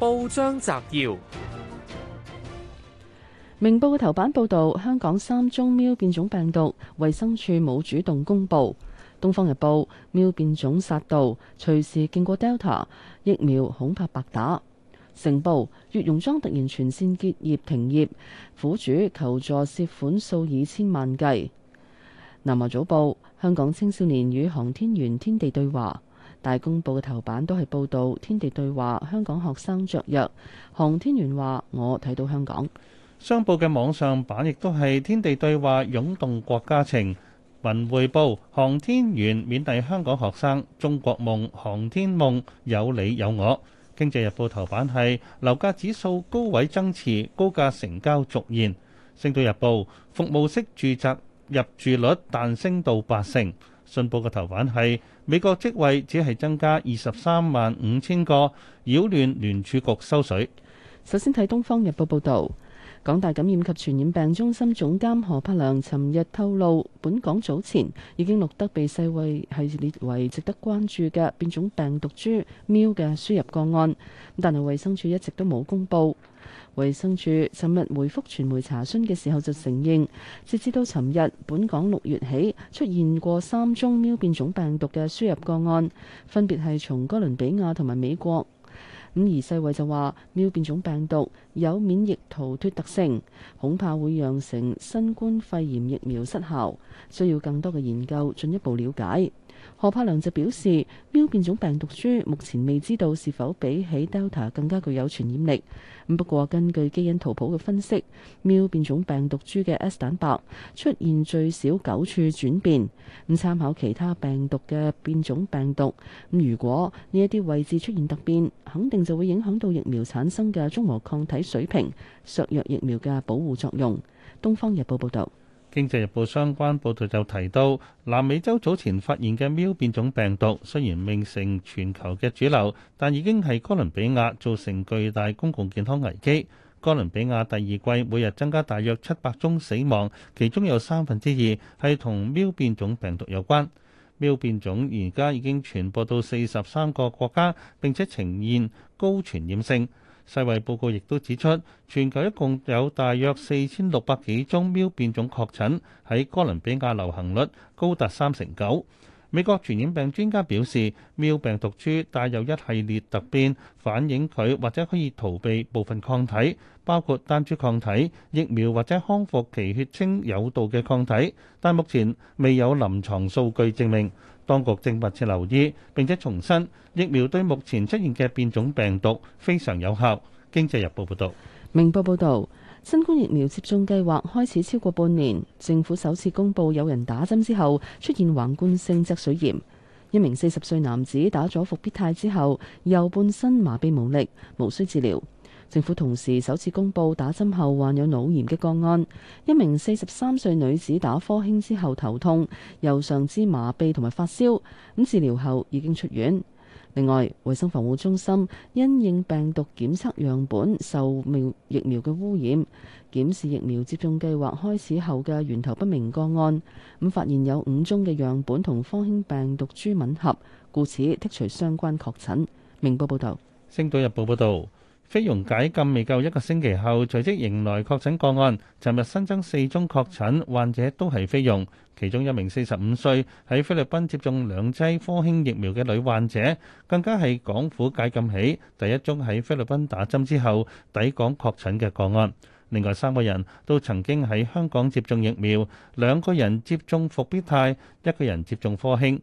報章摘要：明報嘅頭版報道，香港三宗喵變種病毒，衛生署冇主動公佈。東方日報：喵變種殺到，隨時見過 Delta，疫苗恐怕白打。成報：悅榕莊突然全綫結業停業，苦主求助，涉款數以千萬計。南華早報：香港青少年與航天員天地對話。大公報嘅頭版都係報道《天地對話》，香港學生雀躍，航天員話我睇到香港。商報嘅網上版亦都係《天地對話》，湧動國家情。文匯報航天員勉勵香港學生：中國夢、航天夢有你有我。經濟日報頭版係樓價指數高位增持，高價成交續現。星島日報服務式住宅入住率彈升到八成。信報嘅頭版係美國職位只係增加二十三萬五千個，擾亂聯儲局收水。首先睇《東方日報》報導，港大感染及傳染病中心總監何柏良尋日透露，本港早前已經錄得被世衛係列為值得關注嘅變種病毒株 Mu 嘅輸入個案，但係衛生署一直都冇公布。衛生署尋日回覆傳媒查詢嘅時候就承認，截至到尋日，本港六月起出現過三宗喵變種病毒嘅輸入個案，分別係從哥倫比亞同埋美國。咁、嗯、而世衛就話，喵變種病毒有免疫逃脱特性，恐怕會釀成新冠肺炎疫苗失效，需要更多嘅研究進一步了解。何柏良就表示，喵變種病毒株目前未知道是否比起 Delta 更加具有傳染力。咁不過根據基因圖譜嘅分析，喵變種病毒株嘅 S 蛋白出現最少九處轉變。咁參考其他病毒嘅變種病毒，咁如果呢一啲位置出現突變，肯定就會影響到疫苗產生嘅中和抗體水平，削弱疫苗嘅保護作用。《東方日報》報道。經濟日報相關報導就提到，南美洲早前發現嘅 Mu 變種病毒雖然未成全球嘅主流，但已經喺哥倫比亞造成巨大公共健康危機。哥倫比亞第二季每日增加大約七百宗死亡，其中有三分之二係同 Mu 變種病毒有關。Mu 變種而家已經傳播到四十三個國家，並且呈現高傳染性。世衛報告亦都指出，全球一共有大約四千六百幾宗喵變種確診，喺哥倫比亞流行率高達三成九。美國傳染病專家表示，喵病毒株帶有一系列突變，反映佢或者可以逃避部分抗體，包括單株抗體、疫苗或者康復期血清有度嘅抗體，但目前未有臨床數據證明。當局正密切留意，並且重申疫苗對目前出現嘅變種病毒非常有效。經濟日報報道，明報報道，新冠疫苗接種計劃開始超過半年，政府首次公布有人打針之後出現橫貫性脊髓炎。一名四十歲男子打咗復必泰之後，右半身麻痹無力，無需治療。政府同時首次公布打針後患有腦炎嘅個案，一名四十三歲女子打科興之後頭痛、右上肢麻痹同埋發燒，咁治療後已經出院。另外，衞生防護中心因應病毒檢測樣本受疫苗嘅污染，檢視疫苗接種計劃開始後嘅源頭不明個案，咁發現有五宗嘅樣本同科興病毒株吻合，故此剔除相關確診。明報報道。《星島日報》報導。菲傭解禁未夠一個星期後,隨即迎來確診個案,尋日新增四宗確診,患者都係菲傭。其中,一名45歲,喺菲律賓接種兩劑科興疫苗嘅女患者,更加係港府解禁起,第一宗喺菲律賓打針之後,抵港確診嘅個案。另外三個人,都曾經喺香港接種疫苗,兩個人接種伏必泰,一個人接種科興。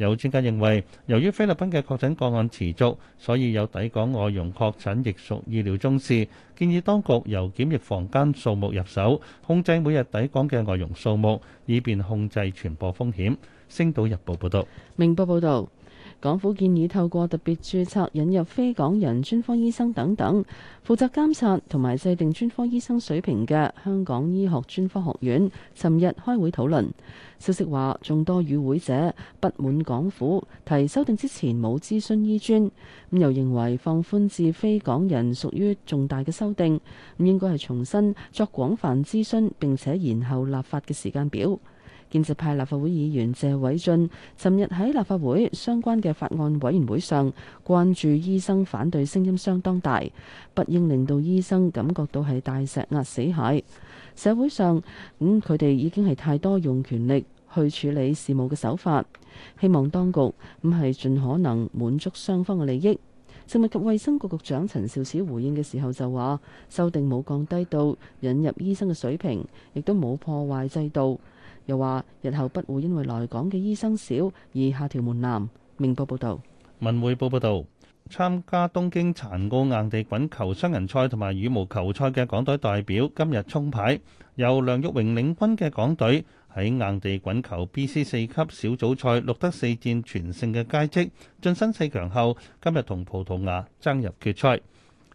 有專家認為，由於菲律賓嘅確診個案持續，所以有抵港外傭確診亦屬意料中事。建議當局由檢疫房間數目入手，控制每日抵港嘅外傭數目，以便控制傳播風險。星島日報報道。明報報道。港府建議透過特別註冊引入非港人專科醫生等等，負責監察同埋制定專科醫生水平嘅香港醫學專科學院，尋日開會討論。消息話，眾多與會者不滿港府提修訂之前冇諮詢醫專，咁又認為放寬至非港人屬於重大嘅修訂，咁應該係重新作廣泛諮詢並且延後立法嘅時間表。建制派立法會議員謝偉俊尋日喺立法會相關嘅法案委員會上，關注醫生反對聲音相當大，不應令到醫生感覺到係大石壓死蟹。社會上咁佢哋已經係太多用權力去處理事務嘅手法，希望當局唔係、嗯、盡可能滿足雙方嘅利益。食物及衛生局局長陳肇始回應嘅時候就話：修訂冇降低到引入醫生嘅水平，亦都冇破壞制度。又話，日後不會因為來港嘅醫生少而下調門檻。明報報道：「文匯報報道，參加東京殘奧硬地滾球雙人賽同埋羽毛球賽嘅港隊代表今日衝牌，由梁玉榮領軍嘅港隊喺硬地滾球 B C 四級小組賽錄得四戰全勝嘅佳績，晉身四強後，今日同葡萄牙爭入決賽。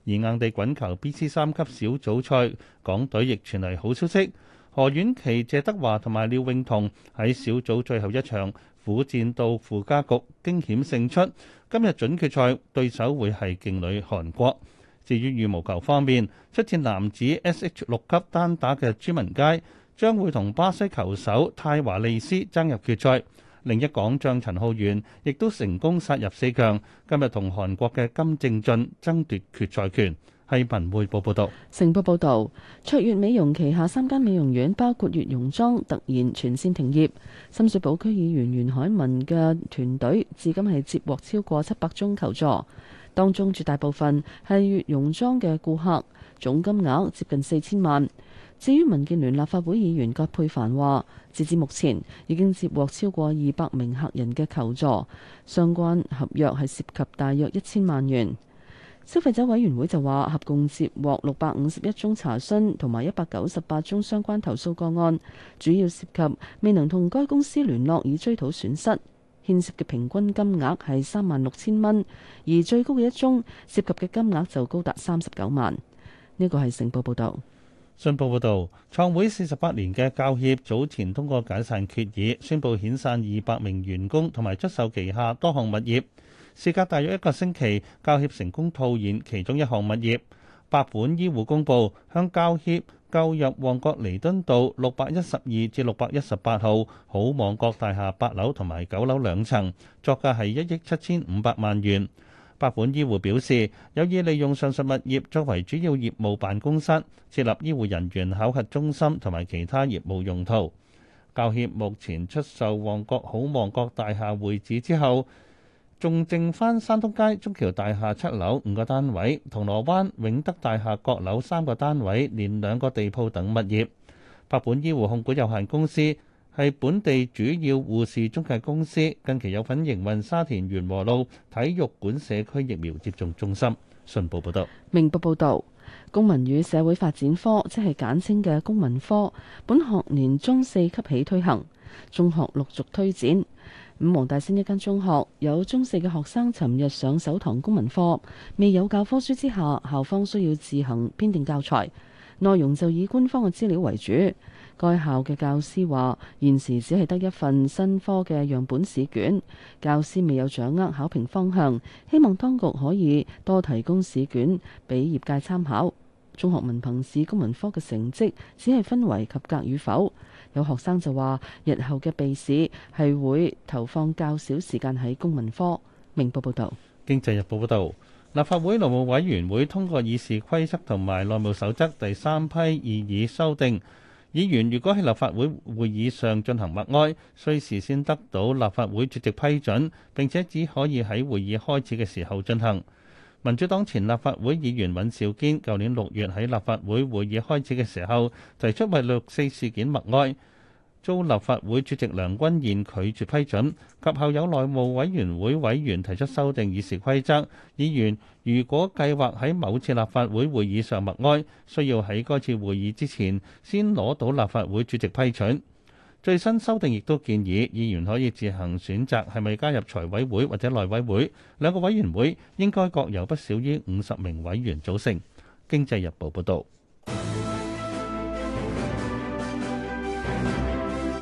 而硬地滾球 B C 三級小組賽，港隊亦傳嚟好消息。何婉琪、謝德華同埋廖永彤喺小組最後一場苦戰到附加局驚險勝出。今日準決賽對手會係勁旅韓國。至於羽毛球方面，出戰男子 S.H 六級單打嘅朱文佳將會同巴西球手泰華利斯爭入決賽。另一港將陳浩源亦都成功殺入四強，今日同韓國嘅金正俊爭奪決賽權。係文匯報報道，成報報道，卓越美容旗下三間美容院包括悅容莊突然全線停業。深水埗區議員袁海文嘅團隊至今係接獲超過七百宗求助，當中絕大部分係悅容莊嘅顧客，總金額接近四千萬。至於民建聯立法會議員葛佩帆話，截至目前已經接獲超過二百名客人嘅求助，相關合約係涉及大約一千萬元。消費者委員會就話，合共接獲六百五十一宗查詢同埋一百九十八宗相關投訴個案，主要涉及未能同該公司聯絡以追討損失，牽涉嘅平均金額係三萬六千蚊，而最高嘅一宗涉及嘅金額就高達三十九萬。呢個係成報報導。信報報導，創會四十八年嘅教協早前通過解散決議，宣佈遣散二百名員工同埋出售旗下多項物業。事隔大約一個星期，教協成功套現其中一項物業。百本醫護公佈向教協購入旺角彌敦道六百一十二至六百一十八號好望角大廈八樓同埋九樓兩層，作價係一億七千五百萬元。百本醫護表示有意利用上述物業作為主要業務辦公室，設立醫護人員考核中心同埋其他業務用途。教協目前出售旺角好望角大廈會址之後，仲剩翻山東街中橋大廈七樓五個單位、銅鑼灣永德大廈閣樓三個單位，連兩個地鋪等物業。百本醫護控股有限公司係本地主要護士中介公司，近期有份營運沙田元和路體育館社區疫苗接種中心。信報報道：明報報道，公民與社會發展科即係簡稱嘅公民科，本學年中四級起推行，中學陸續推展。五黃大仙一間中學有中四嘅學生尋日上首堂公民課，未有教科書之下，校方需要自行編定教材，內容就以官方嘅資料為主。該校嘅教師話，現時只係得一份新科嘅樣本試卷，教師未有掌握考評方向，希望當局可以多提供試卷俾業界參考。中學文憑試公民科嘅成績只係分為及格與否。有學生就話：日後嘅備試係會投放較少時間喺公民科。明報報導，經濟日報報導，立法會內務委員會通過議事規則同埋內務守則第三批議議修訂。議員如果喺立法會會議上進行默哀，需事先得到立法會主席批准，並且只可以喺會議開始嘅時候進行。民主黨前立法會議員尹兆堅，舊年六月喺立法會會議開始嘅時候，提出為六四事件默哀，遭立法會主席梁君彥拒絕批准。及後有內務委員會委員提出修訂議事規則，議員如果計劃喺某次立法會會議上默哀，需要喺該次會議之前先攞到立法會主席批准。最新修訂亦都建議，議員可以自行選擇係咪加入財委會或者內委會兩個委員會，應該各有不少於五十名委員組成。經濟日報報導。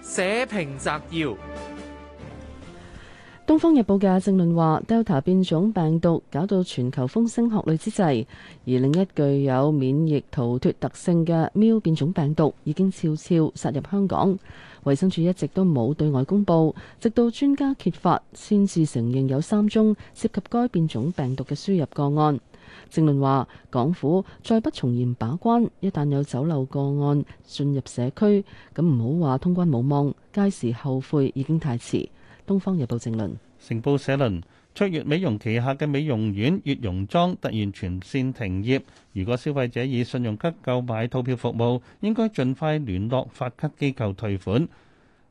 社評摘要：東方日報嘅正論話，Delta 變種病毒搞到全球風聲鶴唳之際，而另一具有免疫逃脫特性嘅 Mu 變種病毒已經悄悄殺入香港。衛生署一直都冇對外公布，直到專家揭發，先至承認有三宗涉及該變種病毒嘅輸入個案。正論話，港府再不從嚴把關，一旦有走漏個案進入社區，咁唔好話通關冇望，屆時後悔已經太遲。東方日報正論，成報社論。卓越美容旗下嘅美容院悦容莊突然全線停業。如果消費者以信用卡購買套票服務，應該盡快聯絡發卡機構退款。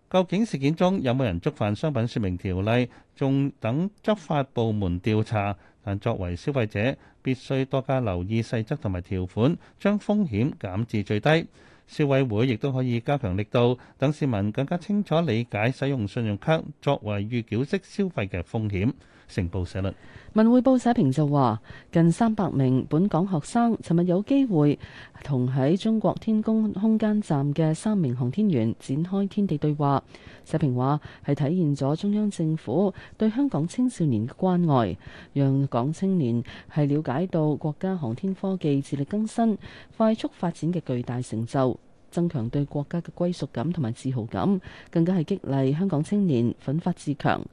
究竟事件中有冇人觸犯商品説明條例，仲等執法部門調查。但作為消費者，必須多加留意細則同埋條款，將風險減至最低。消委會亦都可以加強力度，等市民更加清楚理解使用信用卡作為預繳式消費嘅風險。成報社論文匯報社評就話：近三百名本港學生尋日有機會同喺中國天宮空，空間站嘅三名航天員展開天地對話。社評話係體現咗中央政府對香港青少年嘅關愛，讓港青年係了解到國家航天科技自力更新、快速發展嘅巨大成就。增強對國家嘅歸屬感同埋自豪感，更加係激勵香港青年奮發自強，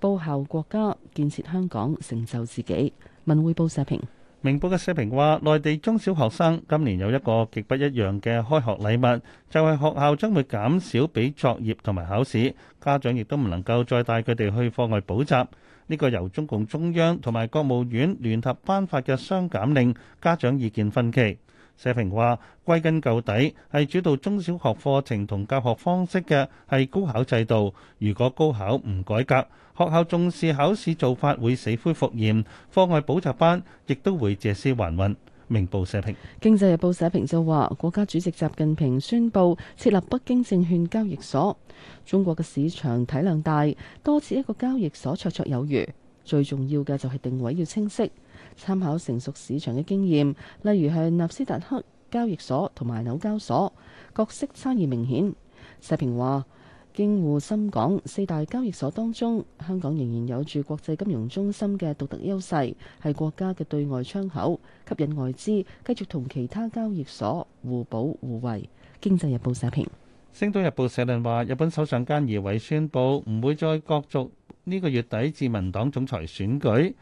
報效國家，建設香港，成就自己。文匯報社評。明報嘅社評話：內地中小學生今年有一個極不一樣嘅開學禮物，就係學校將會減少俾作業同埋考試，家長亦都唔能夠再帶佢哋去課外補習。呢個由中共中央同埋國務院聯合頒發嘅雙減令，家長意見分歧。社評話：歸根究底，係主導中小學課程同教學方式嘅係高考制度。如果高考唔改革，學校重視考試做法會死灰復燃，課外補習班亦都會借屍還魂。明報社評，《經濟日報》社評就話：國家主席習近平宣布設立北京證券交易所。中國嘅市場體量大，多設一個交易所綽綽有餘。最重要嘅就係定位要清晰。參考成熟市場嘅經驗，例如係納斯達克交易所同埋紐交所，角色差異明顯。社評話：京滬深港四大交易所當中，香港仍然有住國際金融中心嘅獨特優勢，係國家嘅對外窗口，吸引外資繼續同其他交易所互補互惠。經濟日報社評。星島日報社論話：日本首相菅義偉宣布唔會再角逐呢個月底自民黨總裁選舉。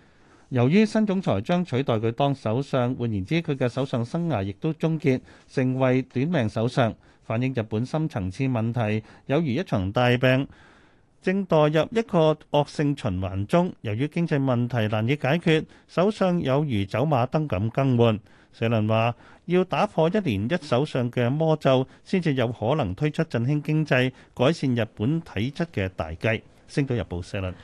由於新總裁將取代佢當首相，換言之，佢嘅首相生涯亦都終結，成為短命首相。反映日本深層次問題有如一場大病，正墮入一個惡性循環中。由於經濟問題難以解決，首相有如走馬燈咁更換。社論話要打破一年一首相嘅魔咒，先至有可能推出振興經濟、改善日本體質嘅大計。《星島日報》社論。